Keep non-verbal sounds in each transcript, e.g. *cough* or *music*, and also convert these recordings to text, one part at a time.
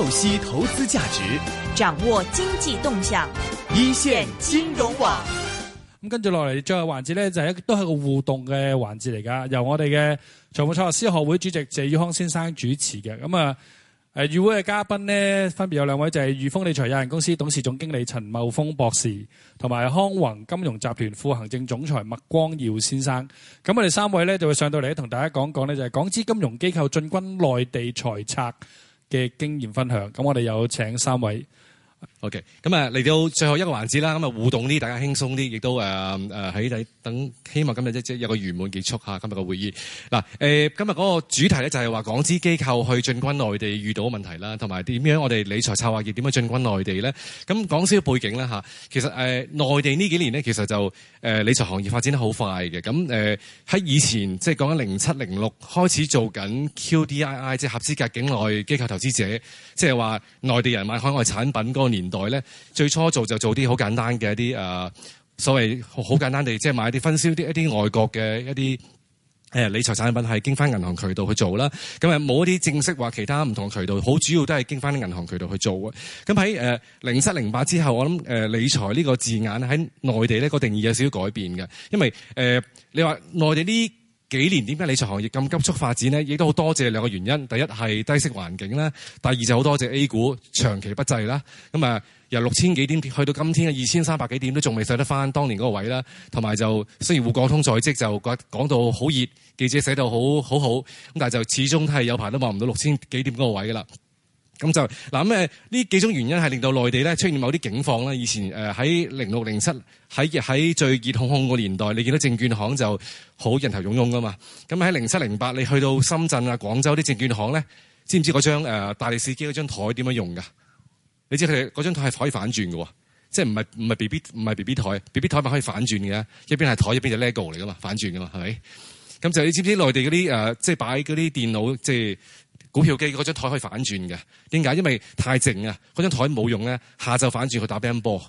透析投資價值，掌握經濟動向，一線金融網。咁跟住落嚟，最後環節呢，就係、是、一都係個互動嘅環節嚟噶。由我哋嘅財務策劃師學會主席謝宇康先生主持嘅。咁啊，誒、呃，與會嘅嘉賓呢，分別有兩位就係裕豐理財有限公司董事總經理陳茂峰博士，同埋康宏金融集團副行政總裁麥光耀先生。咁我哋三位呢，就會上到嚟，同大家講講呢，就係、是、港資金融機構進軍內地財策嘅經驗分享，咁我哋有請三位。O.K. 咁啊嚟到最後一個環節啦，咁啊互動啲，大家輕鬆啲，亦都誒誒喺第等，希望今日即即有個圓滿結束吓今日嘅會議嗱誒、呃、今日嗰個主題咧就係話港資機構去進軍內地遇到嘅問題啦，同埋點樣我哋理財策劃業點樣進軍內地咧？咁講少少背景啦吓，其實誒、呃、內地呢幾年咧，其實就誒、呃、理財行業發展得好快嘅。咁誒喺以前即係講緊零七零六開始做緊 QDII，即係合資格境內機構投資者，即係話內地人買海外產品嗰年代咧，最初做就做啲好簡單嘅一啲誒、呃，所謂好簡單地，即、就、係、是、買啲分銷啲一啲外國嘅一啲誒、呃、理財產品，係經翻銀行渠道去做啦。咁啊冇一啲正式話其他唔同渠道，好主要都係經翻啲銀行渠道去做嘅。咁喺誒零七零八之後，我諗誒、呃、理財呢個字眼喺內地咧個定義有少少改變嘅，因為誒、呃、你話內地呢？幾年點解理財行業咁急速發展呢？亦都好多謝兩個原因，第一係低息環境啦，第二就好多謝 A 股長期不濟啦。咁啊由六千幾點去到今天嘅二千三百幾點都仲未上得翻當年嗰個位啦。同埋就雖然滬港通在即，就講講到好熱，記者寫到好好好，但係就始終都係有排都望唔到六千幾點嗰個位噶啦。咁就嗱咁呢幾種原因係令到內地咧出現某啲景況啦。以前誒喺零六零七喺喺最熱烘烘個年代，你見到證券行就好人頭湧湧噶嘛。咁喺零七零八，你去到深圳啊、廣州啲證券行咧，知唔知嗰張、呃、大力士機嗰張台點樣用噶？你知佢哋嗰張台係可以反轉㗎喎，即係唔係唔係 B B 唔係 B B 台，B B 台咪可以反轉嘅。一邊係台，一邊就 lego 嚟噶嘛，反轉噶嘛，係、okay? 咪？咁就你知唔知內地嗰啲、呃、即係擺嗰啲電腦即係。股票機嗰張台可以反轉嘅，點解？因為太靜啊，嗰張台冇用咧，下晝反轉去打乒乓波。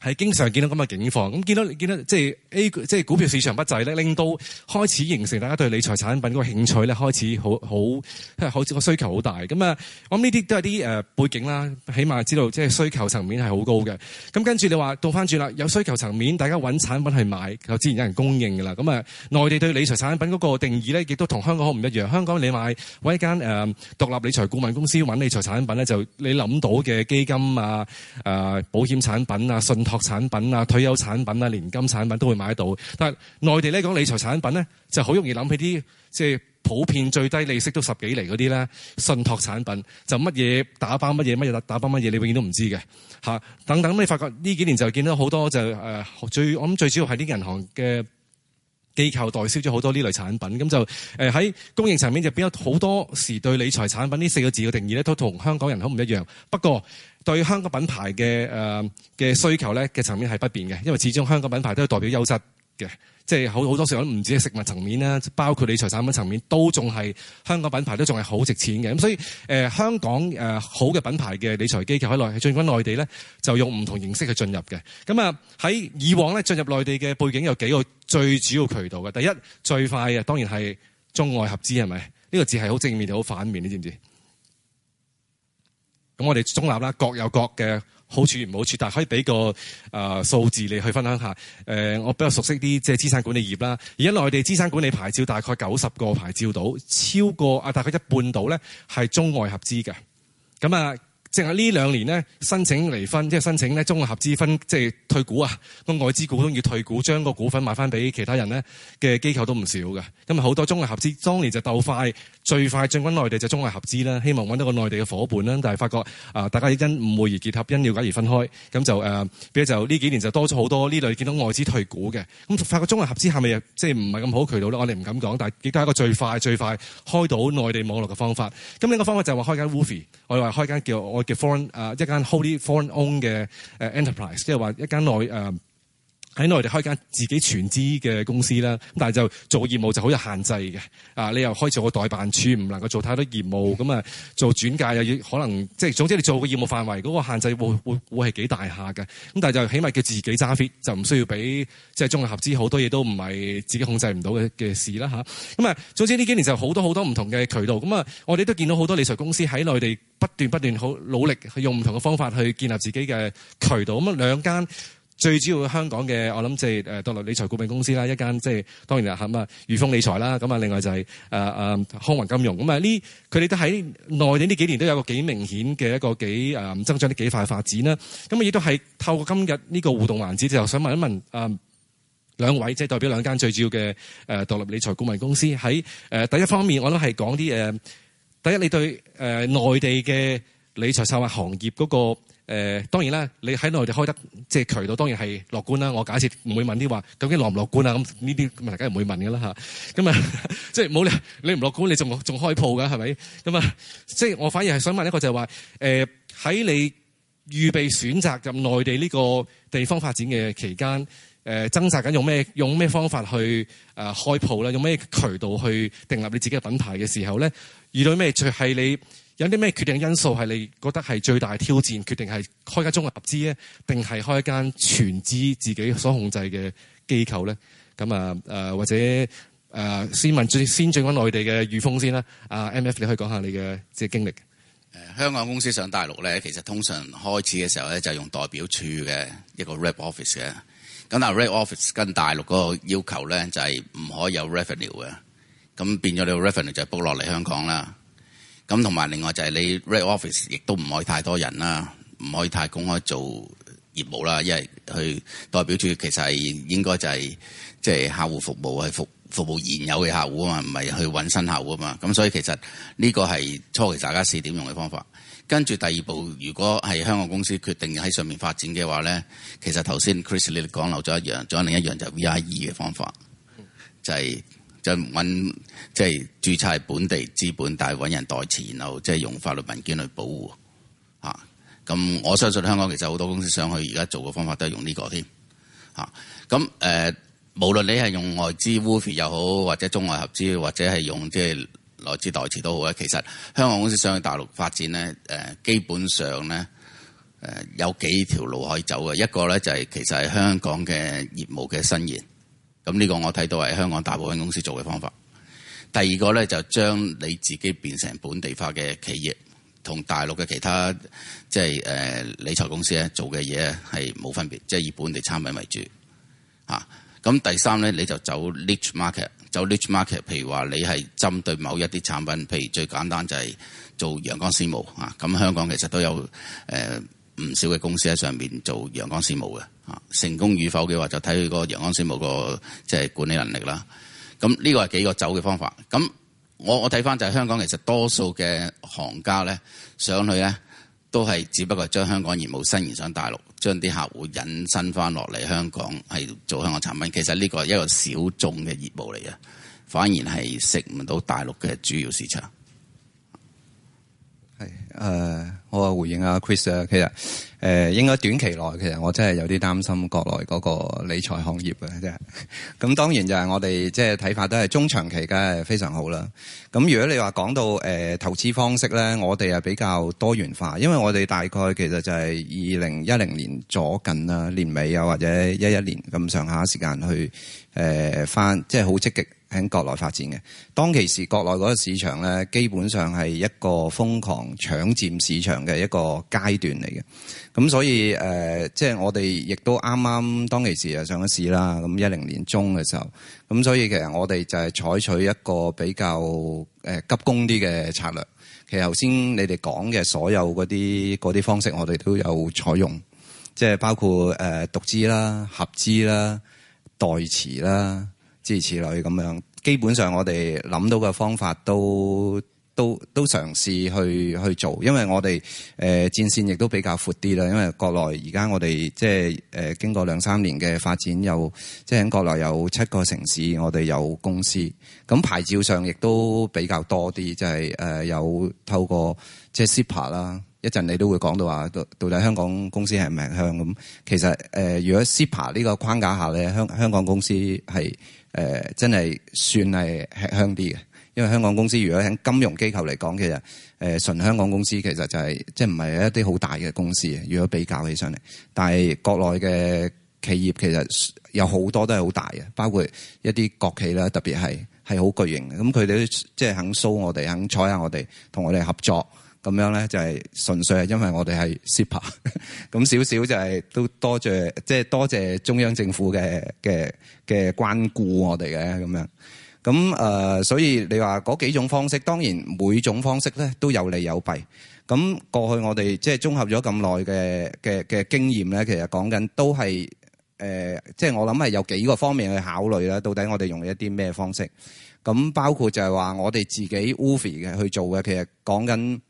係經常見到咁嘅景況，咁見到見到即係 A 即係股票市場不濟咧，令到開始形成大家對理財產品嗰個興趣咧，開始好好好似個個需求好大。咁啊，我諗呢啲都係啲誒背景啦，起碼知道即係需求層面係好高嘅。咁跟住你話到翻轉啦，有需求層面，大家揾產品去買，就自然有人供應㗎啦。咁啊，內、呃、地對理財產品嗰個定義咧，亦都同香港好唔一樣。香港你買揾間誒獨立理財顧問公司揾理財產品咧，就你諗到嘅基金啊、誒、呃、保險產品啊、信託產品啊、退休產品啊、年金產品都會買得到，但係內地咧講理財產品咧，就好容易諗起啲即係普遍最低利息都十幾厘嗰啲咧，信託產品就乜嘢打包乜嘢乜嘢打包乜嘢，你永遠都唔知嘅嚇，等等你發覺呢幾年就見到好多就誒最我諗最主要係啲銀行嘅。機構代銷咗好多呢類產品，咁就誒喺供應層面就變咗好多時對理財產品呢四個字嘅定義咧，都同香港人好唔一樣。不過對香港品牌嘅誒嘅需求咧嘅層面係不變嘅，因為始終香港品牌都係代表優質嘅。即係好好多時候唔止係食物層面啦，包括理財產品層面都仲係香港品牌都仲係好值錢嘅。咁所以、呃、香港誒、呃、好嘅品牌嘅理財機構喺內地進軍內地咧，就用唔同形式去進入嘅。咁啊，喺以往咧，進入內地嘅背景有幾個最主要渠道嘅。第一最快嘅當然係中外合資係咪？呢個字係好正面又好反面，你知唔知？咁我哋中立啦，各有各嘅。好處與好，好處，但係可以俾個誒、呃、數字你去分享下。誒、呃，我比較熟悉啲即係資產管理業啦。而家內地資產管理牌照大概九十個牌照到超過啊，大概一半到咧係中外合資嘅。咁啊，淨係呢兩年咧申請離分，即係申請咧中外合資分，即係退股啊。咁外資股都要退股，將個股份賣翻俾其他人咧嘅機構都唔少嘅。咁啊，好多中外合資當年就鬥快。最快進軍內地就中外合資啦，希望揾到個內地嘅夥伴啦。但係發覺啊，大家亦因誤會而結合，因瞭解而分開咁就誒，比如就呢幾年就多咗好多呢類見到外資退股嘅咁。發覺中外合資係咪即係唔係咁好渠道咧？我哋唔敢講，但係亦都係一個最快最快開到內地網絡嘅方法。咁另一個方法就係話開間 WOFE，我哋話開間叫我叫 foreign 誒一間 Wholly Foreign Owned 嘅誒 Enterprise，即係話一間內誒。喺內地開間自己全資嘅公司啦，咁但係就做業務就好有限制嘅，啊你又開咗個代辦處，唔能夠做太多業務，咁啊做轉介又要可能，即係總之你做個業務範圍嗰個限制會會會係幾大下嘅，咁但係就起碼叫自己揸 fit，就唔需要俾即係中外合資好多嘢都唔係自己控制唔到嘅嘅事啦嚇，咁啊總之呢幾年就好多好多唔同嘅渠道，咁啊我哋都見到好多理財公司喺內地不斷不斷好努力去用唔同嘅方法去建立自己嘅渠道，咁啊兩間。最主要香港嘅，我諗即係誒獨立理財顧問公司啦，一間即係當然啦嚇咁啊，裕豐理財啦，咁啊另外就係誒誒康宏金融咁啊呢，佢哋都喺內地呢幾年都有個幾明顯嘅一個幾誒、嗯、增長得幾快嘅發展啦。咁啊亦都係透過今日呢個互動環節，就想問一問啊、嗯、兩位，即、就、係、是、代表兩間最主要嘅誒、呃、獨立理財顧問公司喺誒、呃、第一方面，我諗係講啲誒第一，你對誒、呃、內地嘅理財策劃行業嗰、那個。誒、呃、當然啦，你喺內地開得即係渠道，當然係樂觀啦。我假設唔會問啲話，究竟樂唔樂觀啊？咁呢啲問題梗係唔會問嘅啦嚇咁啊，嗯、 *laughs* 即係冇理由你，你唔樂觀，你仲仲開鋪㗎，係咪？咁、嗯、啊，即係我反而係想問一個就係話，喺、呃、你預備選擇入內地呢個地方發展嘅期間，誒、呃、掙扎緊用咩用咩方法去誒、呃、開鋪啦，用咩渠道去訂立你自己嘅品牌嘅時候咧？遇到咩就係、是、你？有啲咩決定因素係你覺得係最大挑戰？決定係開間綜合合資咧，定係開間全資自己所控制嘅機構咧？咁啊、呃、或者誒、呃、先問最先進軍內地嘅裕峰先啦、呃。MF 你可以講下你嘅即係經歷。香港公司上大陸咧，其實通常開始嘅時候咧，就是、用代表處嘅一個 rep office 嘅。咁但 rep office 跟大陸嗰個要求咧，就係、是、唔可以有 revenue 嘅。咁變咗你 revenue 就係 book 落嚟香港啦。咁同埋另外就係你 Red Office 亦都唔可以太多人啦，唔可以太公開做業務啦，因為佢代表住其實係應該就係即係客戶服務係服服務現有嘅客戶啊嘛，唔係去揾新客戶啊嘛，咁所以其實呢個係初期大家試點用嘅方法。跟住第二步，如果係香港公司決定喺上面發展嘅話咧，其實頭先 Chris 你講漏咗一樣，仲有另一樣就係 VIE 嘅方法，就係。就揾即係註冊係本地資本，但係揾人代持，然後即係用法律文件去保護嚇。咁、啊、我相信香港其實好多公司想去而家做嘅方法都係用呢、這個添嚇。咁、啊、誒、呃，無論你係用外資 woof i 又好，或者中外合資或者係用即係內資代持都好咧。其實香港公司想去大陸發展咧，誒、呃、基本上咧誒、呃、有幾條路可以走嘅。一個咧就係、是、其實係香港嘅業務嘅伸延。咁、這、呢個我睇到係香港大部分公司做嘅方法。第二個呢，就將你自己變成本地化嘅企業，同大陸嘅其他即係、就是呃、理財公司咧做嘅嘢係冇分別，即、就、係、是、以本地產品為主。嚇、啊，咁第三呢，你就走 niche market，走 niche market，譬如話你係針對某一啲產品，譬如最簡單就係做陽光私募。嚇、啊，咁、嗯、香港其實都有、呃唔少嘅公司喺上面做陽光私募嘅，成功與否嘅話，就睇佢個陽光私募個即係管理能力啦。咁呢個係幾個走嘅方法。咁我我睇翻就係香港其實多數嘅行家咧上去咧都係只不過將香港業務伸延上大陸，將啲客戶引申翻落嚟香港係做香港產品。其實呢個係一個小眾嘅業務嚟嘅，反而係食唔到大陸嘅主要市場。係誒，我、呃、啊回應阿、啊、Chris 啊，其實誒、呃、應該短期內其實我真係有啲擔心國內嗰個理財行業嘅，真係。咁當然就係我哋即係睇法都係中長期梗係非常好啦。咁如果你話講到、呃、投資方式咧，我哋係比較多元化，因為我哋大概其實就係二零一零年左近啊，年尾啊，或者一一年咁上下時間去。誒、呃、翻即係好積極喺國內發展嘅。當其時國內嗰個市場咧，基本上係一個瘋狂搶佔市場嘅一個階段嚟嘅。咁所以誒、呃，即係我哋亦都啱啱當其時啊上咗市啦。咁一零年中嘅時候，咁所以其實我哋就係採取一個比較誒、呃、急攻啲嘅策略。其實頭先你哋講嘅所有嗰啲嗰啲方式，我哋都有採用，即係包括誒獨、呃、資啦、合資啦。代詞啦，諸如此類咁樣。基本上我哋諗到嘅方法都都都嘗試去去做，因為我哋誒、呃、戰線亦都比較闊啲啦。因為國內而家我哋即係誒經過兩三年嘅發展有，有即係喺國內有七個城市，我哋有公司，咁牌照上亦都比較多啲，就係、是、誒、呃、有透過即係 SIPA 啦。一陣你都會講到話，到到底香港公司係唔係香咁？其實誒、呃，如果 SIPA 呢個框架下咧，香香港公司係誒、呃、真係算係吃香啲嘅。因為香港公司如果喺金融機構嚟講，其實誒、呃、純香港公司其實就係即係唔係一啲好大嘅公司。如果比較起上嚟，但係國內嘅企業其實有好多都係好大嘅，包括一啲國企啦，特別係係好巨型嘅。咁佢哋都即係肯 show 我哋，肯採下我哋，同我哋合作。咁樣咧，就係純粹係因為我哋係 super，咁少少就係都多謝，即係多謝中央政府嘅嘅嘅關顧我哋嘅咁樣。咁誒、呃，所以你話嗰幾種方式，當然每種方式咧都有利有弊。咁過去我哋即係綜合咗咁耐嘅嘅嘅經驗咧，其實講緊都係誒，即係我諗係有幾個方面去考慮啦。到底我哋用一啲咩方式？咁包括就係話我哋自己 WOFE 嘅去做嘅，其實講緊。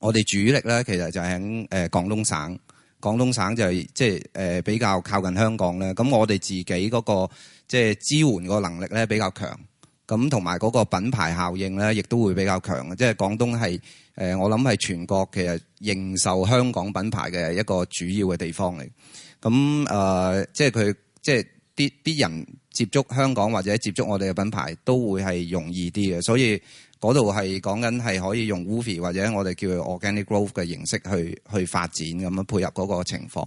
我哋主力咧，其實就喺誒、呃、廣東省，廣東省就係即係誒比較靠近香港、那個就是、呢。咁我哋自己嗰個即係支援個能力咧比較強，咁同埋嗰個品牌效應咧，亦都會比較強。即、就、係、是、廣東係誒、呃，我諗係全國其實認受香港品牌嘅一個主要嘅地方嚟。咁誒，即係佢即係啲啲人接觸香港或者接觸我哋嘅品牌都會係容易啲嘅，所以。嗰度係講緊係可以用 Woofy 或者我哋叫佢 organic growth 嘅形式去去發展，咁樣配合嗰個情況，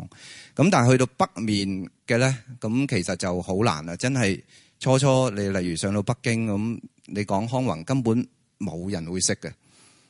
咁但係去到北面嘅咧，咁其實就好難啦，真係初初你例如上到北京咁，你講康宏根本冇人會識嘅，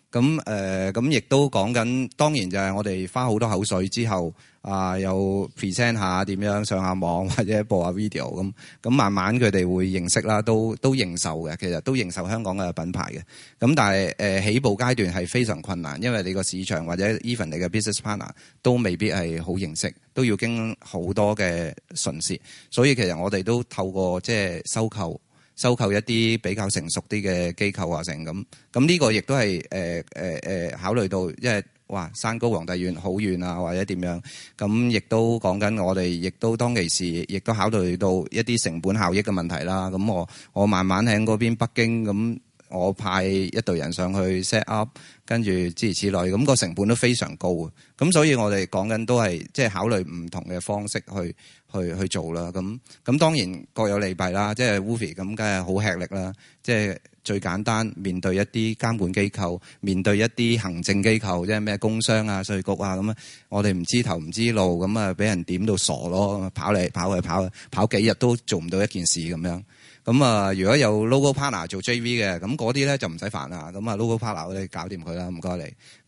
咁誒咁亦都講緊，當然就係我哋花好多口水之後。啊、呃，有 present 下點樣上下網或者播下 video 咁，咁慢慢佢哋會認識啦，都都認受嘅，其實都認受香港嘅品牌嘅。咁但係、呃、起步階段係非常困難，因為你個市場或者 even 你嘅 business partner 都未必係好認識，都要經好多嘅唇舌。所以其實我哋都透過即係、就是、收購，收購一啲比較成熟啲嘅機構啊，成咁。咁呢個亦都係誒考慮到，因、就是哇！山高皇帝遠，好遠啊，或者點樣？咁亦都講緊，我哋亦都當其時，亦都考慮到一啲成本效益嘅問題啦。咁我我慢慢喺嗰邊北京，咁我派一隊人上去 set up，跟住諸如此類。咁個成本都非常高，咁所以我哋講緊都係即係考慮唔同嘅方式去去去做啦。咁咁當然各有利弊啦。即係 Woofy 咁，梗係好吃力啦。即係。最簡單，面對一啲監管機構，面對一啲行政機構，即係咩工商啊、稅局啊，咁我哋唔知頭唔知路，咁啊俾人點到傻咯，跑嚟跑去跑，跑幾日都做唔到一件事咁樣。咁啊，如果有 local partner 做 JV 嘅，咁嗰啲咧就唔使煩啦。咁啊 local partner，我哋搞掂佢啦，唔該你。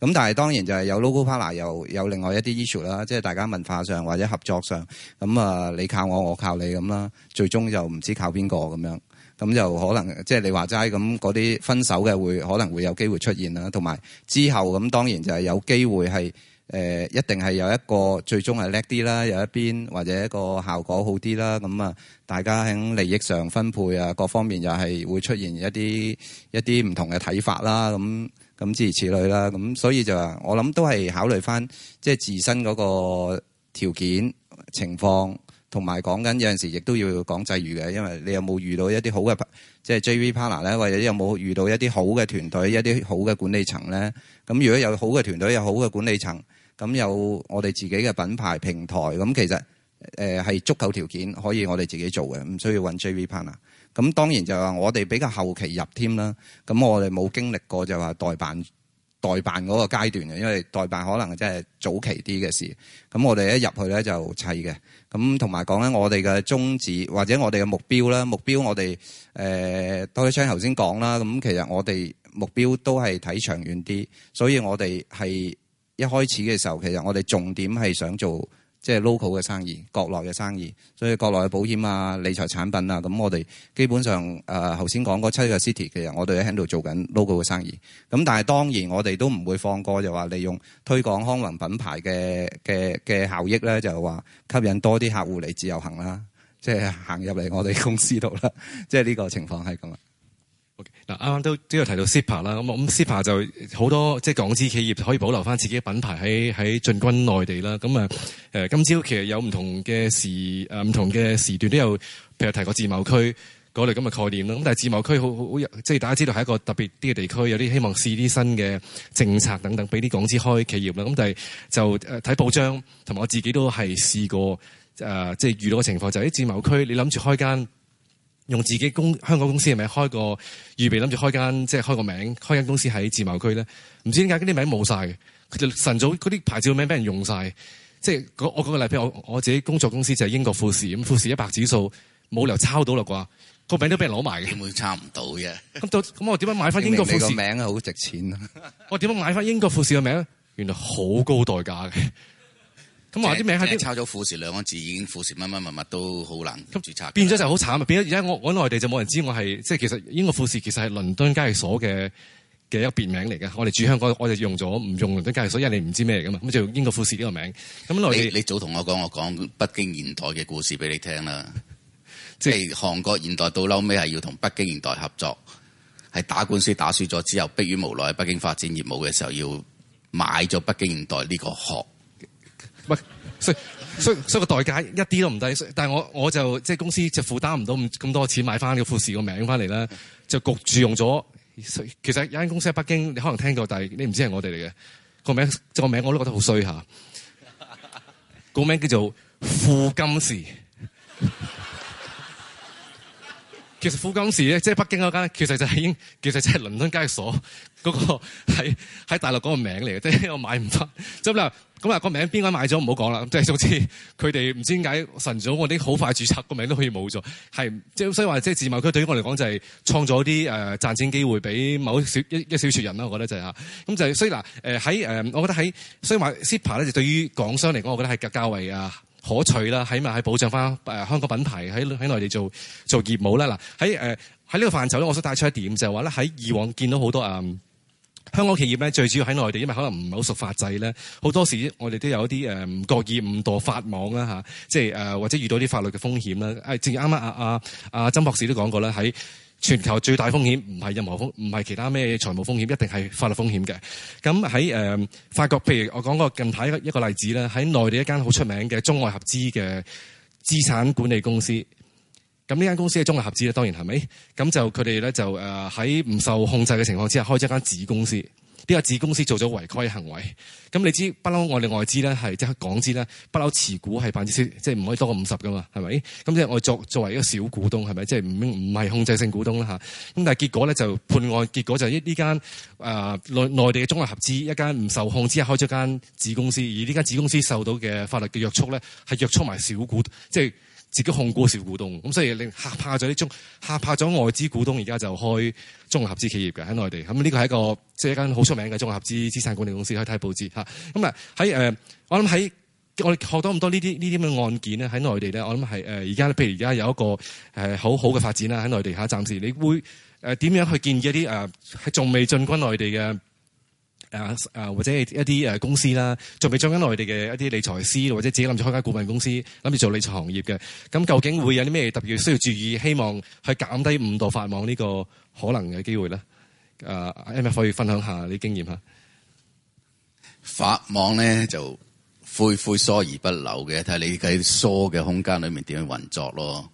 咁但係當然就係有 local partner，又有另外一啲 issue 啦，即係大家文化上或者合作上，咁啊你靠我，我靠你咁啦，最終就唔知靠邊個咁樣。咁就可能，即係你話齋咁嗰啲分手嘅會可能會有機會出現啦，同埋之後咁當然就係有機會係誒、呃、一定係有一個最終係叻啲啦，有一邊或者一個效果好啲啦，咁啊大家喺利益上分配啊，各方面又係會出現一啲一啲唔同嘅睇法啦，咁咁諸如此類啦，咁所以就我諗都係考慮翻即係自身嗰個條件情況。同埋講緊有陣時，亦都要講際遇嘅，因為你有冇遇到一啲好嘅，即係 JV partner 咧，或者你有冇遇到一啲好嘅團隊、一啲好嘅管理層咧？咁如果有好嘅團隊、有好嘅管理層，咁有我哋自己嘅品牌平台，咁其實誒係足夠條件可以我哋自己做嘅，唔需要揾 JV partner。咁當然就話我哋比較後期入添啦。咁我哋冇經歷過就話代辦代辦嗰個階段嘅，因為代辦可能即係早期啲嘅事。咁我哋一入去咧就砌嘅。咁同埋講緊，我哋嘅宗旨或者我哋嘅目標啦，目標我哋誒多一槍頭先講啦。咁、呃、其實我哋目標都係睇長遠啲，所以我哋係一開始嘅時候，其實我哋重點係想做。即係 local 嘅生意，國內嘅生意，所以國內嘅保險啊、理財產品啊，咁我哋基本上誒，頭先講嗰七個 city，其實我哋喺度做緊 local 嘅生意。咁但係當然我哋都唔會放過，就話利用推廣康林品牌嘅嘅嘅效益咧，就話吸引多啲客戶嚟自由行啦，即係行入嚟我哋公司度啦。即係呢個情況係咁啊。嗱，啱啱都都有提到 SIPA 啦，咁我 SIPA 就好多即係港資企業可以保留翻自己品牌喺喺進軍內地啦。咁啊、呃，今朝其實有唔同嘅時唔、呃、同嘅時段都有，譬如提過自貿區嗰類咁嘅概念啦，咁但係自貿區好好即係、就是、大家知道係一個特別啲嘅地區，有啲希望試啲新嘅政策等等，俾啲港資開企業啦。咁但係就睇、呃、報章同埋我自己都係試過誒，即、呃、係、就是、遇到嘅情況就喺、是、自貿區，你諗住開間。用自己公香港公司係咪開個預備諗住開間即係開個名開間公司喺自貿區咧？唔知點解嗰啲名冇晒，嘅，佢就晨早嗰啲牌照名俾人用晒。即係我嗰、嗰個例譬我我自己工作公司就係英國富士咁，富士一百指數冇理由抄到啦啩，個名都俾人攞埋嘅。點會抄唔到嘅？咁咁我點樣買翻英國富士？富士名啊好值錢啊！我點樣買翻英國富士嘅名？原來好高代價嘅。咁話，啲名係抄咗富士兩個字，已經富士乜乜乜乜都好難註冊。變咗就好慘啊！變咗而家我我內地就冇人知我係即係其實英國富士其實係倫敦交易所嘅嘅一個別名嚟嘅。我哋住香港，我哋用咗唔用倫敦交易所，因為你唔知咩嚟噶嘛。咁就英國富士呢個名。咁內地你，你早同我講，我講北京現代嘅故事俾你聽啦。即係韓國現代到嬲尾係要同北京現代合作，係打官司打輸咗之後，迫於無奈北京發展業務嘅時候，要買咗北京現代呢個殼。所以所以所以個代價一啲都唔低，但係我我就即係、就是、公司就負擔唔到咁咁多錢買翻呢個富士個名翻嚟啦，就焗住用咗。其實有間公司喺北京，你可能聽過，但係你唔知係我哋嚟嘅個名，個名我都覺得好衰吓。個名叫做富金士。其實富江市，咧，即係北京嗰間，其實就係已經，其實即係倫敦交易所嗰個喺喺大陸嗰個名嚟嘅，即係我買唔得。咁啦，咁啊個名邊個買咗唔好講啦。咁即係總之，佢哋唔知點解晨早我哋啲好快註冊個名都可以冇咗，係即係所以話即係自貿區對於我嚟講就係創造啲誒賺錢機會俾某少一一小撮人啦。我覺得就係嚇咁，就係所以嗱誒喺誒，我覺得喺所以話 SIPA 咧就對於港商嚟講，我覺得係較為啊。可取啦，起碼係保障翻誒香港品牌喺喺內地做做業務啦。嗱喺誒喺呢個範疇咧，我想帶出一點就係話咧，喺以往見到好多誒、嗯、香港企業咧，最主要喺內地，因為可能唔係好熟法制咧，好多時我哋都有一啲誒唔覺意誤墮法網啦、啊、即係誒、呃、或者遇到啲法律嘅風險啦。誒，正如啱啱阿阿阿曾博士都講過啦。喺。全球最大風險唔係任何風，唔係其他咩財務風險，一定係法律風險嘅。咁喺誒法國，譬如我講個近排一個例子啦，喺內地一間好出名嘅中外合資嘅資產管理公司。咁呢間公司嘅中外合資咧，當然係咪？咁就佢哋咧就誒喺唔受控制嘅情況之下，開咗一間子公司。呢、這個子公司做咗違規行為，咁你知不嬲我哋外資咧係即係港資咧，不嬲持股係百分之，即係唔可以多過五十噶嘛，係咪？咁即係我作作為一個小股東係咪？即係唔唔係控制性股東啦吓。咁但係結果咧就判案結果就係呢間誒、呃、內內地嘅中外合資一間唔受控之下開咗間子公司，而呢間子公司受到嘅法律嘅約束咧係約束埋小股，即係。自己控股小股東，咁所以令嚇怕咗啲中嚇怕咗外資股東，而家就開綜合資企業嘅喺內地，咁呢個係一個即係、就是、一間好出名嘅綜合資資產管理公司，可以睇下報紙嚇。咁啊喺誒，我諗喺我哋學到多咁多呢啲呢啲咁嘅案件咧，喺內地咧，我諗係誒而家，譬如而家有一個誒、呃、好好嘅發展啦，喺內地嚇。暫時你會誒點、呃、樣去建議一啲誒仲未進軍內地嘅？誒、呃、誒，或者係一啲誒公司啦，仲未做緊內地嘅一啲理財師，或者自己諗住開間股份公司，諗住做理財行業嘅，咁究竟會有啲咩特別需要注意？希望去減低誤墮法網呢個可能嘅機會咧。誒 e m 可以分享下啲經驗嚇。法網咧就恢恢疏而不漏嘅，睇下你喺疏嘅空間裏面點樣運作咯。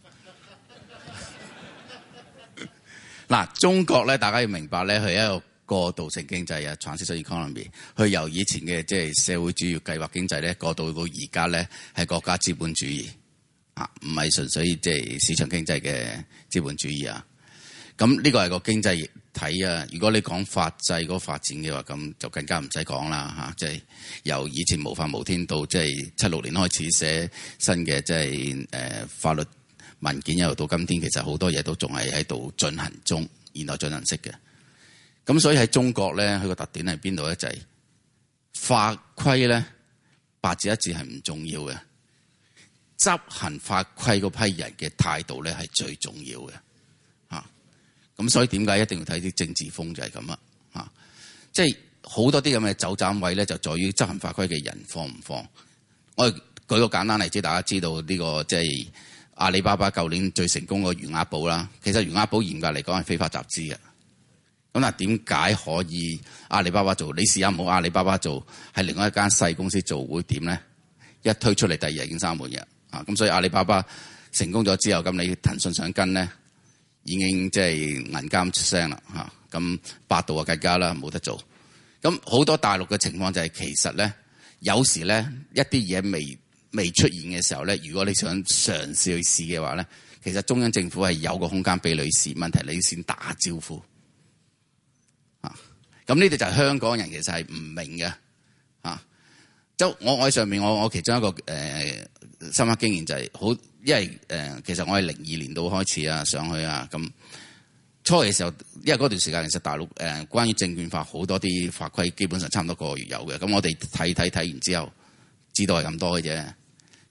嗱， *laughs* 中國咧，大家要明白咧，係一個過渡性經濟啊，transitional economy，佢由以前嘅即係社會主義計劃經濟咧過渡到而家咧係國家資本主義啊，唔係純粹即係市場經濟嘅資本主義啊。咁呢個係個經濟體啊。如果你講法制嗰發展嘅話，咁就更加唔使講啦嚇。即係由以前無法無天到即係七六年開始寫新嘅即係誒法律文件，一路到今天，其實好多嘢都仲係喺度進行中，現在進行式嘅。咁所以喺中國咧，佢個特點係邊度咧？就係、是、法規咧，八字一字係唔重要嘅，執行法規嗰批人嘅態度咧係最重要嘅。咁、啊、所以點解一定要睇啲政治風就係咁啦，即係好多啲咁嘅走盞位咧，就在於執行法規嘅人放唔放。我舉個簡單例子，大家知道呢、這個即係、就是、阿里巴巴舊年最成功嘅餘額寶啦。其實餘額寶嚴格嚟講係非法集資嘅。咁點解可以阿里巴巴做？你試下冇阿里巴巴做，係另外一間細公司做會點咧？一推出嚟，第二日已經閂門嘅啊！咁所以阿里巴巴成功咗之後，咁你騰訊上跟咧，已經即係銀監出聲啦吓。咁百度啊，更加啦，冇得做。咁好多大陸嘅情況就係，其實咧，有時咧，一啲嘢未未出現嘅時候咧，如果你想嘗試去試嘅話咧，其實中央政府係有個空間俾你試，問題你先打招呼。咁呢啲就係香港人其實係唔明嘅、啊，就我我喺上面，我我其中一個誒、呃、深刻經驗就係好，因為、呃、其實我係零二年度開始啊上去啊咁。初嘅時候，因為嗰段時間其實大陸誒、呃、關於證券法好多啲法規，基本上差唔多個月有嘅。咁我哋睇睇睇完之後，知道係咁多嘅啫。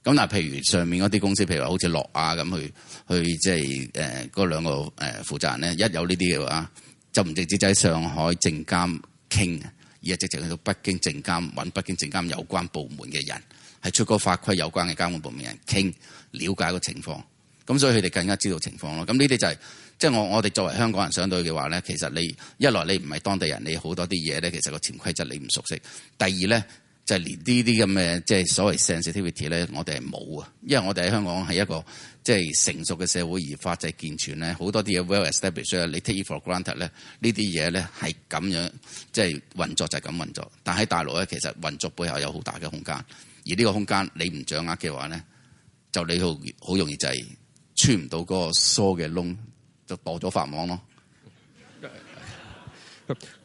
咁嗱，但譬如上面嗰啲公司，譬如好似樂啊咁去去即係嗰兩個、呃、負責人咧，一有呢啲嘅話。就唔直接喺上海證監傾，而係直接去到北京證監，揾北京證監有關部門嘅人，係出個法規有關嘅監管部門人傾，了解個情況。咁所以佢哋更加知道情況咯。咁呢啲就係即係我我哋作為香港人想到嘅話咧，其實你一來你唔係當地人，你好多啲嘢咧，其實個潛規則你唔熟悉。第二咧。即係連呢啲咁嘅即係所謂 sensitivity 咧，我哋係冇啊，因為我哋喺香港係一個即係、就是、成熟嘅社會，而法制健全咧，好多啲嘢 well established，你 take for granted 咧，呢啲嘢咧係咁樣即係運作就係咁運作。但喺大陸咧，其實運作背後有好大嘅空間，而呢個空間你唔掌握嘅話咧，就你好好容易就係穿唔到嗰個疏嘅窿，就墮咗法網咯。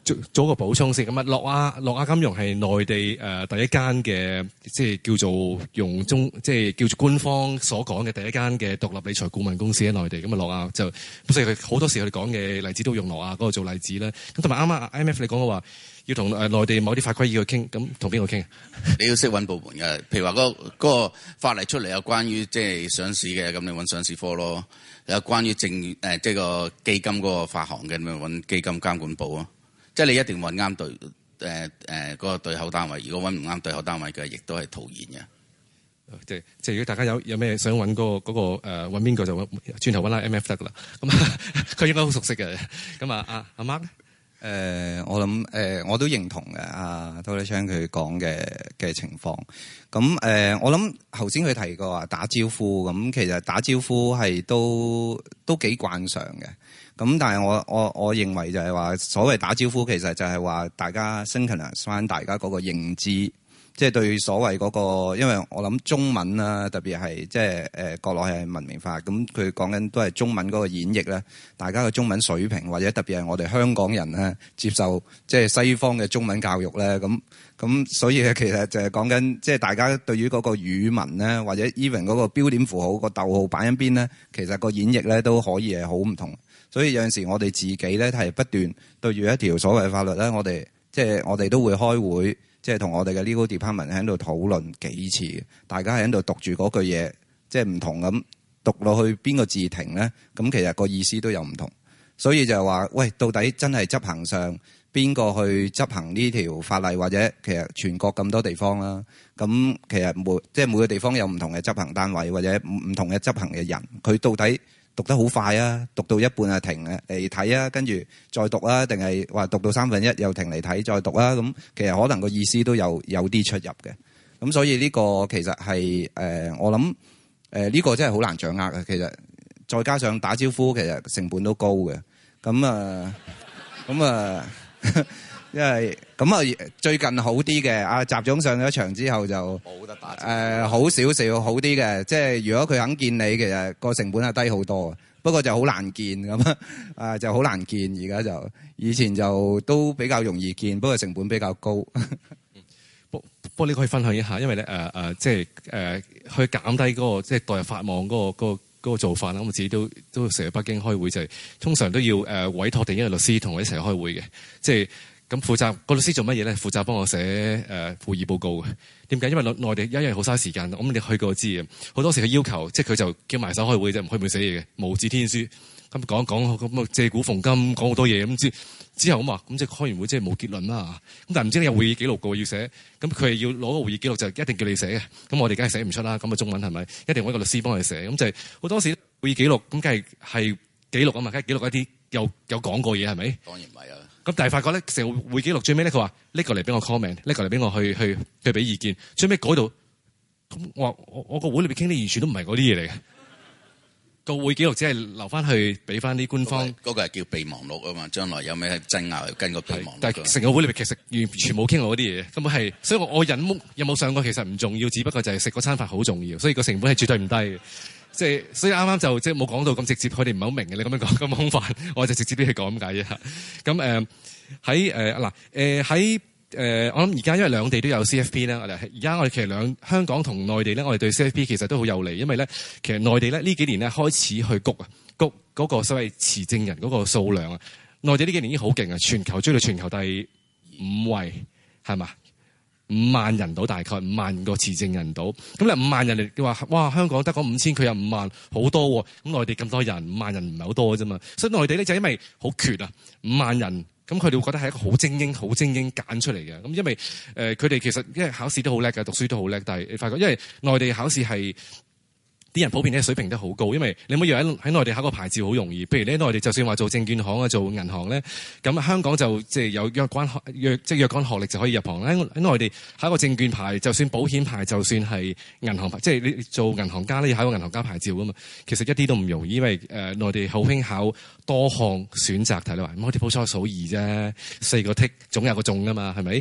做咗個補充先。咁啊，諾亞諾亞金融係內地誒第一間嘅，即係叫做用中，即係叫做官方所講嘅第一間嘅獨立理財顧問公司喺內地。咁啊，諾亞就本身佢好多時佢講嘅例子都用諾亞嗰個做例子啦。咁同埋啱啱 IMF 你講嘅話，要同誒內地某啲法規議去傾，咁同邊個傾？你要識揾部門㗎，譬如話嗰、嗰個、嗰個法例出嚟有關於即係、即係、上市嘅，咁你揾上市科咯；有關於正誒即係個基金嗰個發行嘅，咁咪揾基金監管部啊。即係你一定揾啱對誒誒嗰個對口單位，如果揾唔啱對口單位嘅，亦都係徒然嘅。即即係如果大家有有咩想揾嗰、嗰個嗰、嗰個誒揾邊個就轉頭揾阿 M F 得噶啦。咁佢應該好熟悉嘅。咁啊啊阿 Mark 咧，誒、啊嗯呃、我諗誒、呃、我都認同嘅阿 Tony Chan 佢講嘅嘅情況。咁誒、呃、我諗頭先佢提過話打招呼，咁其實打招呼係都都幾慣常嘅。咁，但係我我我認為就係話，所謂打招呼其實就係話，大家 synchronize 翻大家嗰個認知，即係對所謂嗰個，因為我諗中文啦，特別係即係誒國內係文明化，咁佢講緊都係中文嗰個演繹咧，大家嘅中文水平或者特別係我哋香港人咧，接受即係西方嘅中文教育咧，咁咁所以其實就係講緊即係大家對於嗰個語文咧，或者 even 嗰個標點符號個逗號擺喺邊咧，其實個演繹咧都可以係好唔同。所以有陣時我哋自己咧係不斷對住一條所謂法律咧，我哋即係我哋都會開會，即係同我哋嘅 legal department 喺度討論幾次，大家喺度讀住嗰句嘢，即係唔同咁讀落去邊個字停咧？咁其實個意思都有唔同，所以就係話，喂，到底真係執行上邊個去執行呢條法例，或者其實全國咁多地方啦，咁其實每即係、就是、每個地方有唔同嘅執行單位，或者唔唔同嘅執行嘅人，佢到底？讀得好快啊！讀到一半啊停啊嚟睇啊，跟住再讀啊，定係話讀到三分一又停嚟睇再讀啊？咁其實可能個意思都有有啲出入嘅。咁所以呢個其實係誒我諗誒呢個真係好難掌握嘅。其實再加上打招呼其實成本都高嘅。咁啊咁啊。因為咁啊，最近好啲嘅。阿習總上咗場之後就冇得打。誒、呃，好少少要好啲嘅。即係如果佢肯見你其實個成本係低好多。不過就好難見咁啊，就好難見。而家就以前就都比較容易見，不過成本比較高、嗯。不不過你可以分享一下，因為咧誒誒，即係誒，去減低嗰、那個即係代入法網嗰、那個嗰、那個、那個做法啦。咁自己都都成日北京開會就係、是、通常都要誒委託定一個律師同我一齊開會嘅，即、就、係、是。咁負責、個律師做乜嘢咧？負責幫我寫誒會、呃、議報告嘅。點解？因為內地一日好嘥時間。我你去過就知嘅，好多時佢要求，即係佢就叫埋手開會啫，唔可以唔寫嘢嘅，無字天書。咁講講咁借古諷今講好多嘢，咁之之後咁話，咁即係開完會即係冇結論啦。咁但係唔知你有會議記錄嘅要寫。咁佢係要攞個會議記錄就一定叫你寫嘅。咁我哋梗係寫唔出啦。咁啊中文係咪？一定揾個律師幫你寫。咁就係、是、好多時會議記錄咁梗係係記錄啊嘛，梗係記錄一啲有有講過嘢係咪？當然唔係啊。咁但係發覺咧，成個會記錄最尾咧，佢話拎過嚟俾我 comment，拎過嚟俾我去去去俾意見。最尾嗰度，咁，我我我、我個會裏邊傾啲完全都唔係嗰啲嘢嚟嘅個會記錄，只係留翻去俾翻啲官方。嗰、嗰個係、嗰個、叫備忘錄啊嘛，將來有咩係爭拗跟個備忘錄。但係成個會裏面其實完全冇傾過嗰啲嘢，根本係所以我我人有冇上過其實唔重要，只不過就係食嗰餐飯好重要，所以個成本係絕對唔低。即係所以啱啱就即係冇講到咁直接，佢哋唔係好明嘅。你咁樣講咁空泛，我就直接俾佢講咁解啫。咁誒喺誒嗱誒喺誒，我諗而家因為兩地都有 C F P 咧，而家我哋其實兩香港同內地咧，我哋對 C F P 其實都好有利，因為咧其實內地咧呢幾年咧開始去谷啊，谷嗰個所謂持證人嗰個數量啊，內地呢幾年已經好勁啊，全球追到全球第五位，係嘛？五萬人到大概五萬個持證人到，咁你五萬人嚟，你話哇香港得嗰五千，佢有五萬，好多喎、啊。咁內地咁多人，五萬人唔係好多啫嘛。所以內地咧就因為好缺啊，五萬人，咁佢哋會覺得係一個好精英、好精英揀出嚟嘅。咁因為誒，佢、呃、哋其實因為考試都好叻嘅，讀書都好叻，但係你發覺因為內地考試係啲人普遍嘅水平都好高，因為你唔好以為喺喺內地考個牌照好容易。譬如你喺內地就算話做證券行啊、做銀行咧，咁香港就約約即係有若關即係若干學歷就可以入行咧。喺喺內地考個證券牌，就算保險牌，就算係銀行牌，即係你做銀行家呢要考個銀行家牌照噶嘛。其實一啲都唔容易，因為誒內地好興考多項選擇題啦，multiple choice 好易啫，四個 tick 總有個中噶嘛，係咪？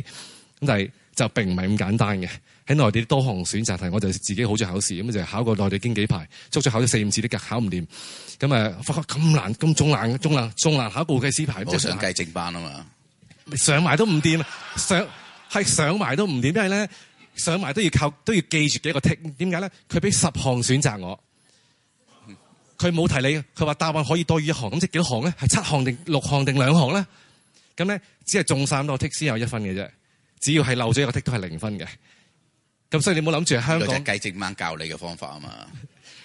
咁但係就並唔係咁簡單嘅。喺內地多項選擇題，我就自己好似考試咁就考過內地經紀牌，足足考咗四五次都及考唔掂咁啊！發覺咁難咁中難，中難中難考會計師牌冇上計證班啊嘛，上埋都唔掂，上係上埋都唔掂，因為咧上埋都要靠都要記住幾個 tick，點解咧？佢俾十項選擇我，佢冇提你，佢話答案可以多於一項，咁即幾多項咧？係七項定六項定兩項咧？咁咧只係中三多 tick 先有一分嘅啫，只要係漏咗一個 tick 都係零分嘅。咁所以你唔好諗住香港，就雞精班教你嘅方法啊嘛。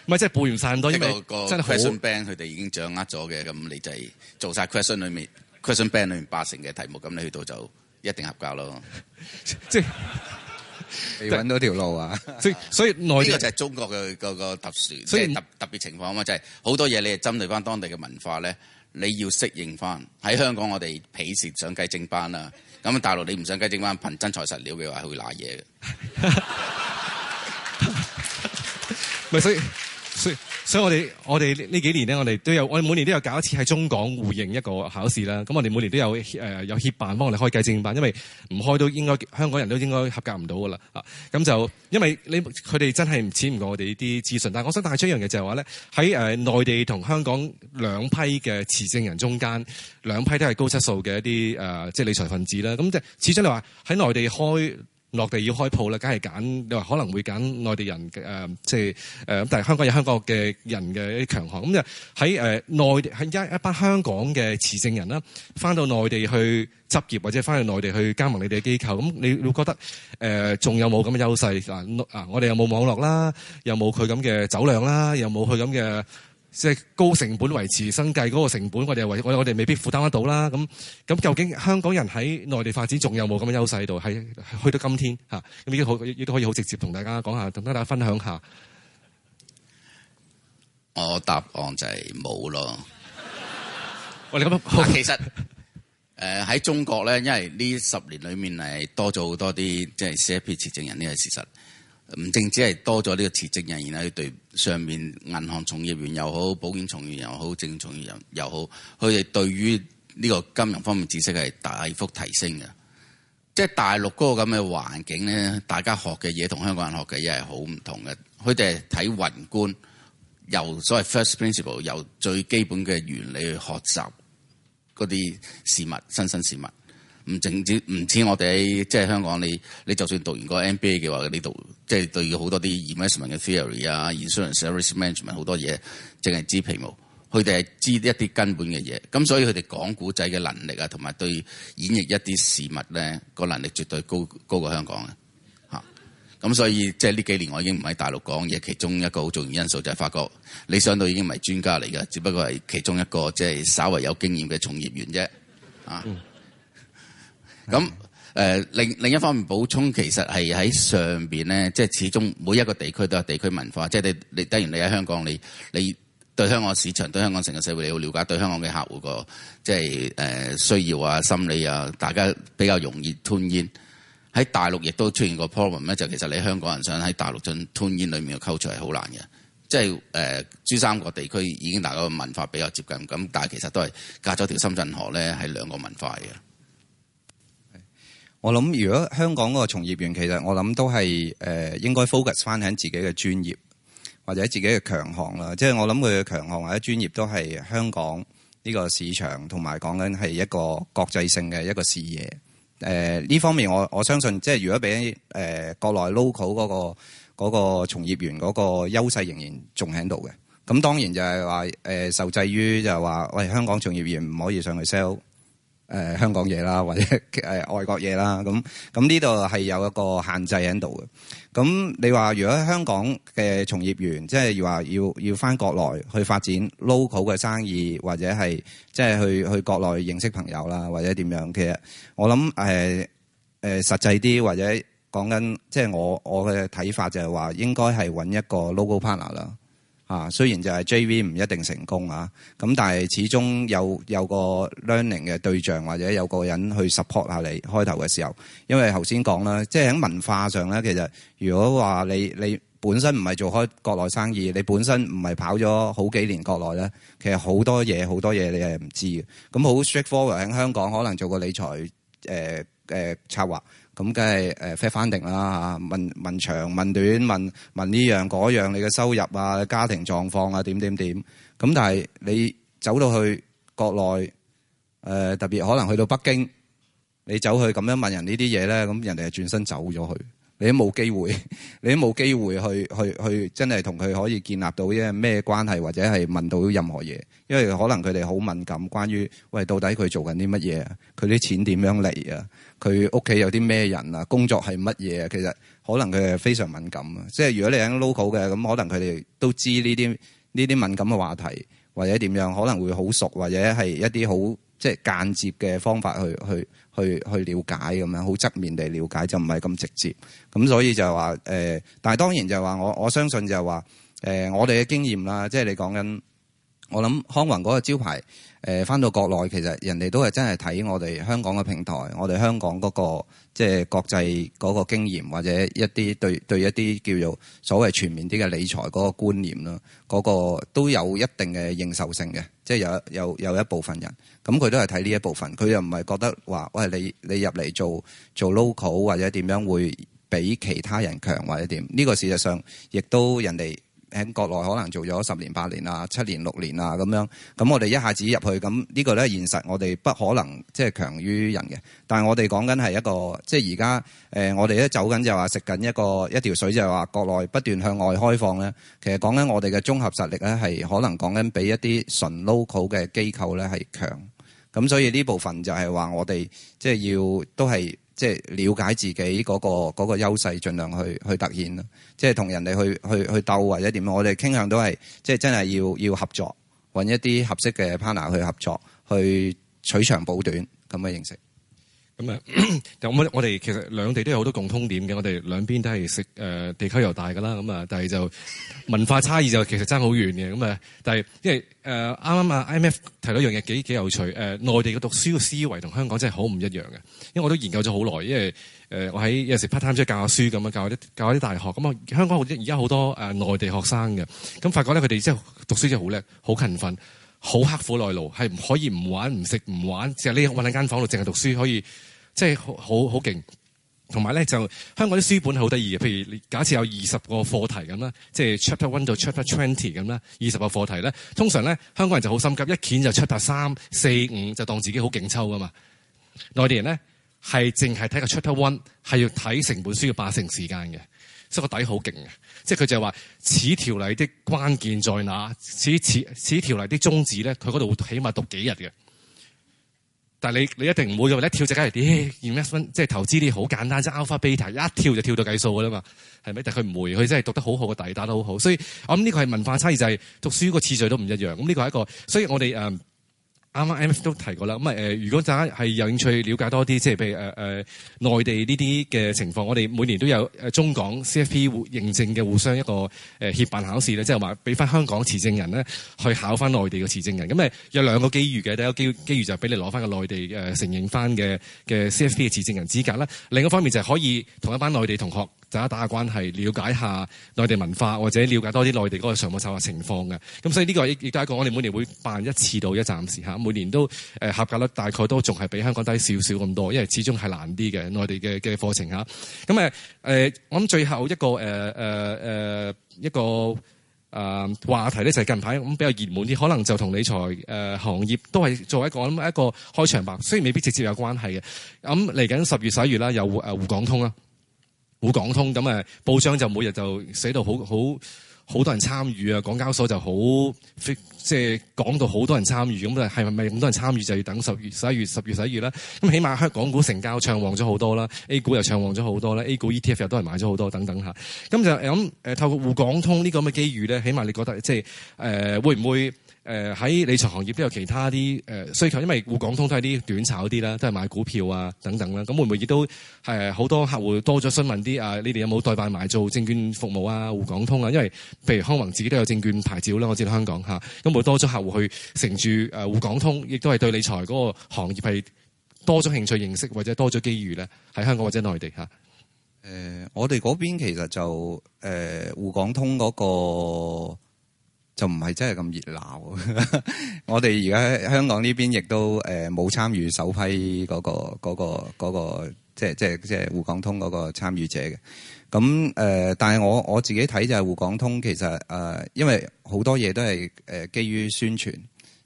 唔係，即係背唔晒都係。因為因為那個 question band 佢哋已經掌握咗嘅，咁你就係做晒 question 裏面 question *noise* band 裏面八成嘅題目，咁你去到就一定合格咯。即係，你搵到條路啊！即 *laughs* 所以內呢、這個就係中國嘅個、那個特殊，所以特特別情況啊嘛，就係、是、好多嘢你係針對翻當地嘅文化咧，你要適應翻。喺香港我哋鄙視上雞精班啊。咁啊，大陸你唔想雞精翻憑真材實料嘅話，佢拿嘢嘅。咪 *laughs* *laughs* 所以，所以。所以我哋我哋呢幾幾年咧，我哋都有我哋每年都有搞一次喺中港互認一個考試啦。咁我哋每年都有誒有協辦，幫我哋開計證班，因為唔開都應該香港人都應該合格唔到噶啦。咁就因為你佢哋真係唔似唔過我哋呢啲資訊。但係我想帶出一樣嘢就係話咧，喺誒內地同香港兩批嘅持證人中間，兩批都係高質素嘅一啲誒即係理財分子啦。咁即係始終你話喺內地開。落地要開鋪啦，梗係揀你話可能會揀內地人嘅誒，即係誒，但係香港有香港嘅人嘅一啲強項。咁就喺誒內地，喺一一班香港嘅持證人啦，翻到內地去執業或者翻去內地去加盟你哋嘅機構，咁你會覺得誒，仲有冇咁嘅優勢嗱？啊，我哋有冇網絡啦？有冇佢咁嘅走量啦？有冇佢咁嘅？即係高成本維持生計嗰個成本，我哋我我哋未必負擔得到啦。咁咁究竟香港人喺內地發展仲有冇咁嘅優勢度？喺去到今天嚇，咁亦好亦都可以好直接同大家講下，同大家分享下。我答案就係冇咯。我哋咁，其實誒喺、 *laughs* 呃、中國咧，因為呢十年裡面係多咗好多啲即係 CFP 持證人，呢係事實。唔淨止係多咗呢個辭職人員啦，對上面銀行從業員又好，保險從業員又好，正從業員又好，佢哋對於呢個金融方面的知識係大幅提升嘅。即係大陸嗰個咁嘅環境咧，大家學嘅嘢同香港人學嘅嘢係好唔同嘅。佢哋係睇宏觀由所謂 first principle，由最基本嘅原理去學習嗰啲事物、新生事物。唔淨止唔似我哋喺即係香港，你你就算讀完個 MBA 嘅話，呢度即係對好多啲 investment 嘅 theory 啊、insurance service management 好多嘢，淨係知皮毛。佢哋係知一啲根本嘅嘢，咁所以佢哋講古仔嘅能力啊，同埋對演繹一啲事物咧，個能力絕對高高過香港啊！咁所以即係呢幾年，我已經唔喺大陸講嘢，其中一個好重要因素就係發覺你想到已經唔係專家嚟嘅，只不過係其中一個即係稍為有經驗嘅從業員啫啊！嗯咁、呃、另另一方面補充，其實係喺上面咧，即係始終每一個地區都有地區文化。即係你，你當然你喺香港，你你對香港市場、對香港成個社會，你好了解，對香港嘅客戶個即係、呃、需要啊、心理啊，大家比較容易 tune in。喺大陸亦都出現個 problem 咧，就其實你香港人想喺大陸進 tune in 裏面嘅 culture 係好難嘅。即係呃、珠三角地區已經大家個文化比較接近咁，但係其實都係隔咗條深圳河咧，係兩個文化嘅。我諗，如果香港嗰個從業員，其實我諗都係誒應該 focus 翻喺自己嘅專業或者自己嘅強項啦。即係我諗佢嘅強項或者專業都係香港呢個市場同埋講緊係一個國際性嘅一個視野。誒、呃、呢方面我我相信，即係如果俾誒、呃、國內 local 嗰、那個嗰、那個從業員嗰個優勢仍然仲喺度嘅。咁當然就係話誒受制於就係話，喂香港從業員唔可以上去 sell。誒、呃、香港嘢啦，或者、呃、外國嘢啦，咁咁呢度係有一個限制喺度嘅。咁你話如果香港嘅從業員即係話要要返國內去發展 local 嘅生意，或者係即係去去國內認識朋友啦，或者點樣？其實我諗誒、呃呃、實際啲，或者講緊即係我我嘅睇法就係話應該係揾一個 local partner 啦。啊，雖然就係 JV 唔一定成功啊，咁但係始終有有個 learning 嘅對象，或者有個人去 support 下你開頭嘅時候。因為頭先講啦，即係喺文化上咧，其實如果話你你本身唔係做開國內生意，你本身唔係跑咗好幾年國內咧，其實好多嘢好多嘢你係唔知嘅。咁好 straightforward 喺香港，可能做個理財誒、呃呃、策劃。咁梗係誒 fact finding，啦，吓，問問長問短，問問呢樣嗰樣，你嘅收入啊、家庭狀況啊，點點點，咁但係你走到去國內誒、呃、特別可能去到北京，你走去咁樣問人呢啲嘢咧，咁人哋係轉身走咗去。你都冇機會，你都冇機會去去去真係同佢可以建立到一咩關係，或者係問到任何嘢，因為可能佢哋好敏感。關於喂，到底佢做緊啲乜嘢啊？佢啲錢點樣嚟啊？佢屋企有啲咩人啊？工作係乜嘢啊？其實可能佢係非常敏感啊。即係如果你喺 local 嘅，咁可能佢哋都知呢啲呢啲敏感嘅話題或者點樣，可能會好熟或者係一啲好。即係間接嘅方法去去去去了解咁樣，好側面地了解就唔係咁直接。咁所以就係話誒，但係當然就係話我我相信就係話誒，我哋嘅經驗啦，即係你講緊，我諗康宏嗰個招牌誒，翻到國內其實人哋都係真係睇我哋香港嘅平台，我哋香港嗰個即係國際嗰個經驗，或者一啲對對一啲叫做所謂全面啲嘅理財嗰個觀念啦，嗰個都有一定嘅認受性嘅。即係有有有一部分人，咁佢都係睇呢一部分，佢又唔係覺得話：喂你你入嚟做做 local 或者點樣會比其他人強，或者點呢個事實上亦都人哋。喺國內可能做咗十年八年啊、七年六年啊咁樣，咁我哋一下子入去，咁、這、呢個咧現實，我哋不可能即係強於人嘅。但係我哋講緊係一個，即係而家誒，我哋一走緊就係話食緊一個一條水就，就係話國內不斷向外開放咧。其實講緊我哋嘅綜合實力咧，係可能講緊比一啲純 local 嘅機構咧係強。咁所以呢部分就係話我哋即係要都係。即係了解自己嗰個嗰個優勢，盡量去去突顯咯。即係同人哋去去去鬥或者點，我哋傾向都係即係真係要要合作，揾一啲合適嘅 partner 去合作，去取長補短咁嘅形式。咁啊，就我哋其實兩地都有好多共通點嘅，我哋兩邊都係食誒地溝油大噶啦，咁啊，但係就文化差異就其實爭好遠嘅，咁啊，但係因為誒啱啱啊 IMF 提到一樣嘢幾幾有趣，誒、呃、內地嘅讀書嘅思維同香港真係好唔一樣嘅，因為我都研究咗好耐，因為誒、呃、我喺有時 part time 即係教下書咁啊，教啲教啲大學，咁、嗯、啊香港好而家好多誒、呃、內地學生嘅，咁發覺咧佢哋即係讀書真係好叻，好勤奮，好刻苦耐勞，係唔可以唔玩唔食唔玩，就是、你匿喺間房度，淨係讀書可以。即係好好好勁，同埋咧就香港啲書本係好得意嘅。譬如你假設有二十個課題咁啦，即係 chapter one 到 chapter twenty 咁啦，二十個課題咧，通常咧香港人就好心急，一件就 chapter 三四五就當自己好勁抽噶嘛。內地人咧係淨係睇個 chapter one，係要睇成本書要八成時間嘅，所以個底好勁嘅。即係佢就係話此條例的關鍵在哪？此此此條例的宗旨咧，佢嗰度起碼讀幾日嘅。但你你一定唔會用咧跳隻雞，啲、yeah, investment 即係投資啲好簡單，即係 alphabet a 一跳就跳到計數㗎啦嘛，係咪？但係佢唔會，佢真係讀得好好，個底打得好好，所以我諗呢個係文化差異就係、是、讀書個次序都唔一樣。咁呢個係一個，所以我哋啱啱 M.F. 都提過啦，咁啊誒，如果大家係有興趣了解多啲，即係譬如誒誒內地呢啲嘅情況，我哋每年都有誒中港 C.F.P. 認證嘅互相一個誒協辦考試咧，即係話俾翻香港持證人咧去考翻內地嘅持證人，咁誒有兩個機遇嘅，第一個機機遇就係俾你攞翻個內地誒承認翻嘅嘅 C.F.P. 嘅持證人資格啦，另一方面就係可以同一班內地同學大家打下關係，了解下內地文化或者了解多啲內地嗰個上網授課情況嘅，咁所以呢個亦都係一個我哋每年會辦一次到一暫時嚇。每年都誒合格率大概都仲係比香港低少少咁多，因為始終係難啲嘅內地嘅嘅課程嚇。咁誒誒，我諗最後一個誒誒誒一個啊、呃、話題咧就係近排咁比較熱門啲，可能就同理財誒、呃、行業都係作為一個咁一個開場白，雖然未必直接有關係嘅。咁嚟緊十月十一月啦，有誒滬港通啦，滬港通咁誒報章就每日就寫到好好。很好多人參與啊，港交所就好即係講到好多人參與，咁啊係咪咪咁多人參與就要等十月十一月十月十一月啦？咁起碼香港股成交暢旺咗好多啦，A 股又暢旺咗好多啦，A 股 ETF 又都係買咗好多等等吓咁就咁誒、呃、透過滬港通呢個咁嘅機遇咧，起碼你覺得即係誒會唔會？誒、呃、喺理財行業都有其他啲誒需求，因為滬港通都係啲短炒啲啦，都係買股票啊等等啦。咁會唔會亦都係好多客戶多咗詢問啲啊？你哋有冇代辦埋做證券服務啊？滬港通啊？因為譬如康宏自己都有證券牌照啦，我知道香港嚇。咁、啊、會多咗客戶去乘住誒滬港通，亦都係對理財嗰個行業係多咗興趣認識，或者多咗機遇咧，喺香港或者內地嚇、啊呃。我哋嗰邊其實就誒滬港通嗰、那個。就唔係真係咁熱鬧。 *laughs* 我哋而家香港呢邊亦都冇參與首批嗰、嗰個嗰、嗰個嗰、嗰個即係即係即係滬港通嗰個參與者嘅。咁、呃、但係我我自己睇就係滬港通其實、呃、因為好多嘢都係、呃、基於宣傳，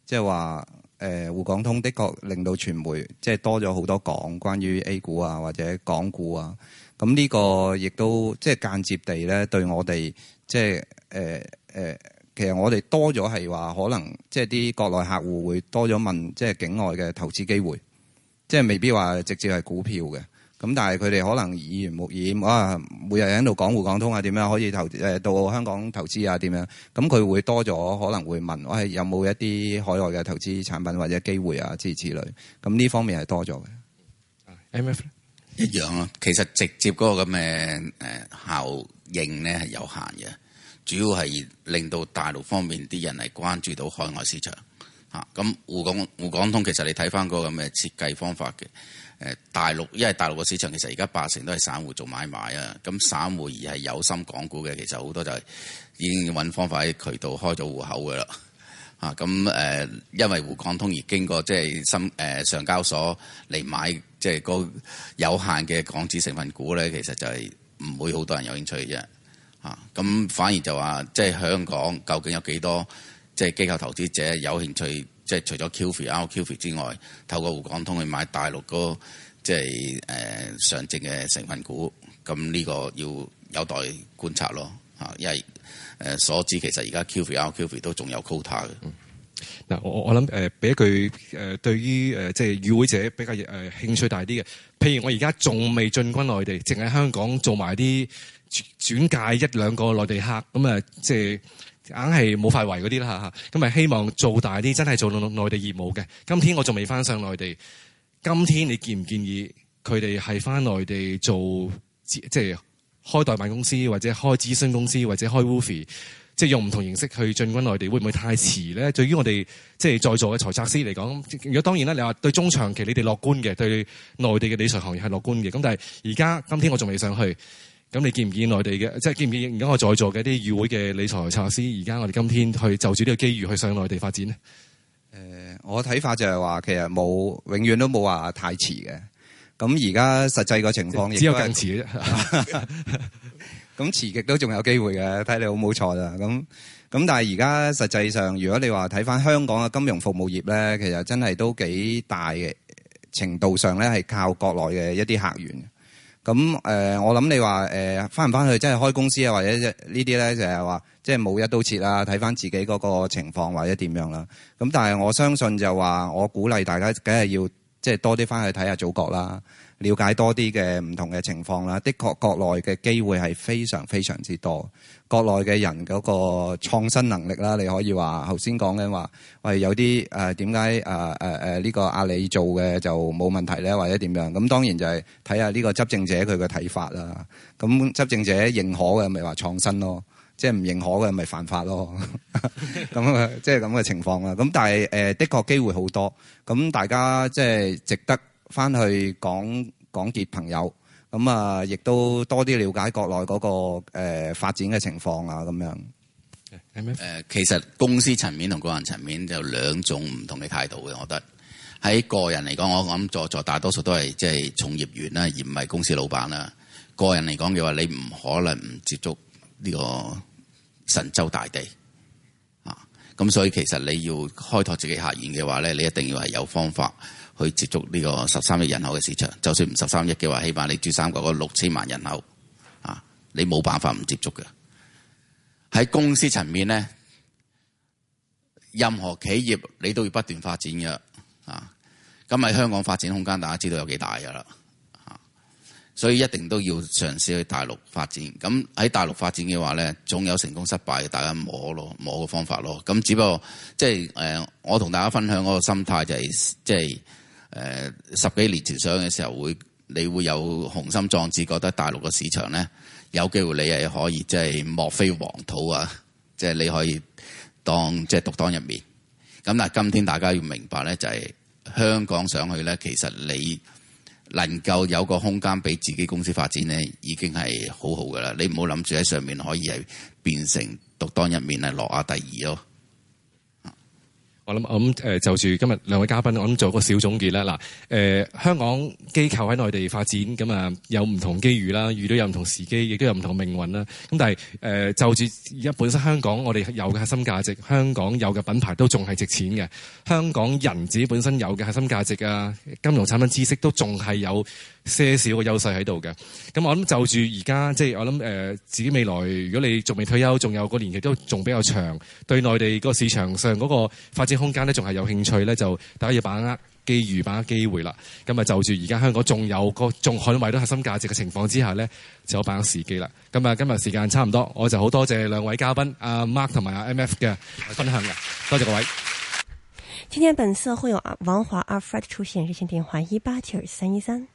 即係話誒滬港通的確令到傳媒即係、即係、多咗好多講關於 A 股啊或者港股啊。咁呢個亦都即係、即係、間接地咧對我哋即係其實我哋多咗係話，可能即係啲國內客戶會多咗問，即係境外嘅投資機會，即係未必話直接係股票嘅。咁但係佢哋可能耳濡目染，哇、啊！每日喺度講滬港通啊，點樣可以投誒到香港投資啊，點樣？咁佢會多咗，可能會問我係有冇一啲海外嘅投資產品或者機會啊之類。咁呢方面係多咗嘅。M F 一樣啊，其實直接嗰個咁嘅誒效應咧係有限嘅。主要係令到大陸方面啲人係關注到海外市場，咁滬港滬港通其實你睇翻個咁嘅設計方法嘅，大陸因為大陸個市場其實而家八成都係散戶做買賣啊，咁散戶而係有心港股嘅，其實好多就係已經揾方法喺渠道開咗戶口㗎啦，咁、呃、因為滬港通而經過即係、就是、深、呃、上交所嚟買，即、就、係、是、個有限嘅港資成分股咧，其實就係唔會好多人有興趣啫。啊，咁反而就話、是，即係香港究竟有幾多即係機構投資者有興趣，即係除咗 QFII、RQFII 之外，透過滬港通去買大陸個即係誒上證嘅成分股，咁、這、呢個要有待觀察咯。啊，因為誒所知其實而家 QFII、RQFII 都仲有 quota 嘅。嗱、嗯，我我我諗誒，俾、呃、一句誒、呃，對於誒即係與會者比較誒、呃、興趣大啲嘅，譬如我而家仲未進軍內地，淨係香港做埋啲。轉介一兩個內地客，咁啊，即係硬係冇範圍嗰啲啦嚇嚇。咁啊，希望做大啲，真係做內地業務嘅。今天我仲未翻上內地。今天你建唔建議佢哋係翻內地做，即係開代辦公司，或者開諮詢公司，或者開 Wolfie，即係用唔同形式去進軍內地，會唔會太遲咧？對於我哋即係在座嘅財策師嚟講，如果當然啦，你話對中長期你哋樂觀嘅，對內地嘅理財行業係樂觀嘅。咁但係而家今天我仲未上去。咁你見唔見內地嘅，即係見唔見而家我在座嘅啲議會嘅理財策師，而家我哋今天去就住呢個機遇去上內地發展呢？誒、呃，我睇法就係話，其實冇永遠都冇話太遲嘅。咁而家實際個情況亦只有更遲咋。咁遲極都仲有機會嘅，睇你好唔好錯啦。咁咁但係而家實際上，如果你話睇翻香港嘅金融服務業咧，其實真係都幾大嘅程度上咧，係靠國內嘅一啲客源。咁誒、呃，我諗你話返翻唔翻去即係開公司啊，或者呢啲咧就係話即係冇一刀切啦，睇翻自己嗰個情況或者點樣啦。咁但係我相信就話，我鼓勵大家梗係要即係多啲翻去睇下祖國啦。了解多啲嘅唔同嘅情況啦，的確國內嘅機會係非常非常之多。國內嘅人嗰個創新能力啦，你可以話頭先講緊話，喂有啲誒點解誒誒呢個阿里做嘅就冇問題咧，或者點樣？咁當然就係睇下呢個執政者佢嘅睇法啦。咁執政者認可嘅咪話創新咯，即係唔認可嘅咪犯法咯。咁即係咁嘅情況啦。咁但係誒，的確機會好多。咁大家即係值得。翻去講講結朋友，咁啊，亦都多啲了解國內嗰個誒發展嘅情況啊，咁樣。誒，其實公司層面同個人層面就兩種唔同嘅態度嘅，我覺得喺個人嚟講，我諗在座大多數都係即係從業員啦，而唔係公司老板啦。個人嚟講嘅話，你唔可能唔接觸呢個神州大地啊。咁所以其實你要開拓自己客源嘅話咧，你一定要係有方法。去接觸呢個十三億人口嘅市場，就算唔十三億嘅話，起碼你珠三角嗰六千萬人口，啊，你冇辦法唔接觸嘅。喺公司層面咧，任何企業你都要不斷發展嘅，啊，咁喺香港發展空間大家知道有幾大㗎喇，啊，所以一定都要嘗試去大陸發展。咁喺大陸發展嘅話咧，總有成功失敗嘅，大家摸咯，摸個方法咯。咁只不過即係誒，我同大家分享我個心態就係即係。就係誒、呃、十幾年前上嘅時候會，會你會有雄心壯志，覺得大陸嘅市場咧有機會，你係可以即係、就是、莫非王土啊，即、就、係、是、你可以當即係、就是、獨當一面。咁但係今天大家要明白咧，就係、是、香港上去咧，其實你能夠有個空間俾自己公司發展咧，已經係好好㗎喇。你唔好諗住喺上面可以係變成獨當一面，係落亞第二咯。我諗我誒就住今日兩位嘉賓，我諗做個小總結啦。嗱、呃，香港機構喺內地發展咁啊、嗯，有唔同機遇啦，遇到有唔同時機，亦都有唔同命運啦。咁但係誒、呃、就住而家本身香港我哋有嘅核心價值，香港有嘅品牌都仲係值錢嘅。香港人自己本身有嘅核心價值啊，金融產品知識都仲係有。些少個優勢喺度嘅，咁我諗就住而家，即、就、係、是、我諗誒、呃、自己未來，如果你仲未退休，仲有個年期都仲比較長，對內地個市場上嗰個發展空間呢，仲係有興趣呢，就大家要把握機遇，把握機會啦。咁啊，就住而家香港仲有個仲捍衞到核心價值嘅情況之下呢，就把握時機啦。咁啊，今日時間差唔多，我就好多謝兩位嘉賓阿、啊、Mark 同埋阿 M.F 嘅分享嘅，多謝各位。今天本次會有王華阿 Fred 出現，熱線電話一八九三一三。